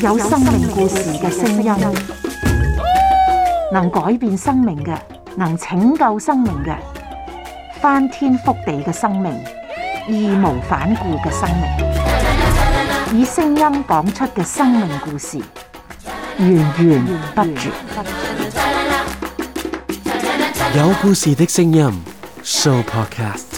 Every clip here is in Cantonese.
有生命故事嘅聲音，能改變生命嘅，能拯救生命嘅，翻天覆地嘅生命，義無反顧嘅生命，以聲音講出嘅生命故事，源源不絕。有故事嘅聲音，Show Podcast。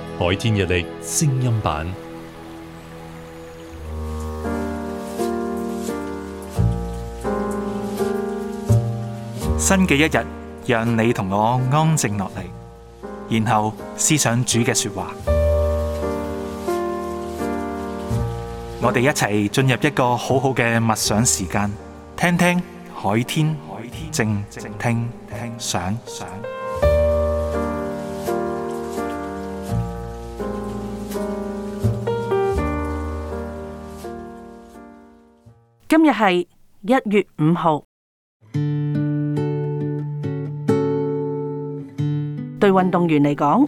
海天日曆聲音版，新嘅一日，讓你同我安靜落嚟，然後思想主嘅說話，我哋一齊進入一個好好嘅默想時間，聽聽海天，海天，靜靜聽聽想。想今日係一月五號。對運動員嚟講，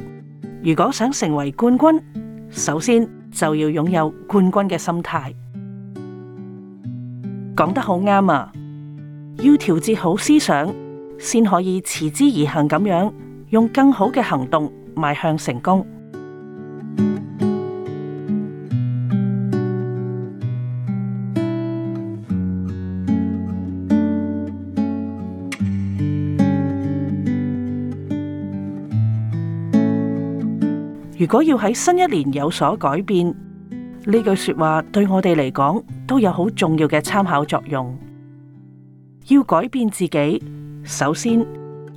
如果想成為冠軍，首先就要擁有冠軍嘅心態。講得好啱呀，要調節好思想，先可以持之以恒咁樣，用更好嘅行動邁向成功。如果要喺新一年有所改變，呢句說話對我哋嚟講都有好重要嘅參考作用。要改變自己，首先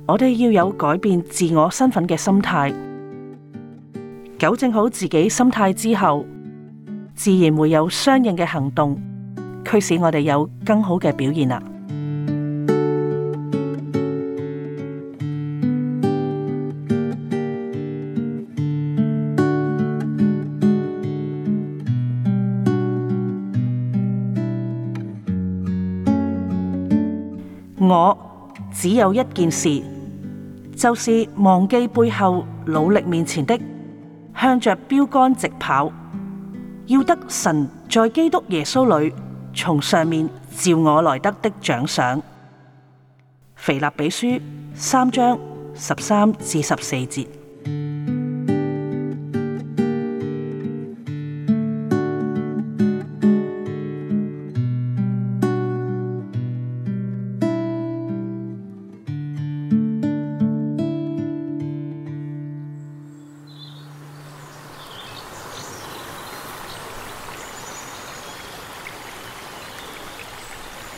我哋要有改變自我身份嘅心態，糾正好自己心態之後，自然會有相應嘅行動，驅使我哋有更好嘅表現啦。我只有一件事，就是忘記背後、努力面前的，向着標杆直跑，要得神在基督耶穌裏從上面召我來得的獎賞。腓立比書三章十三至十四節。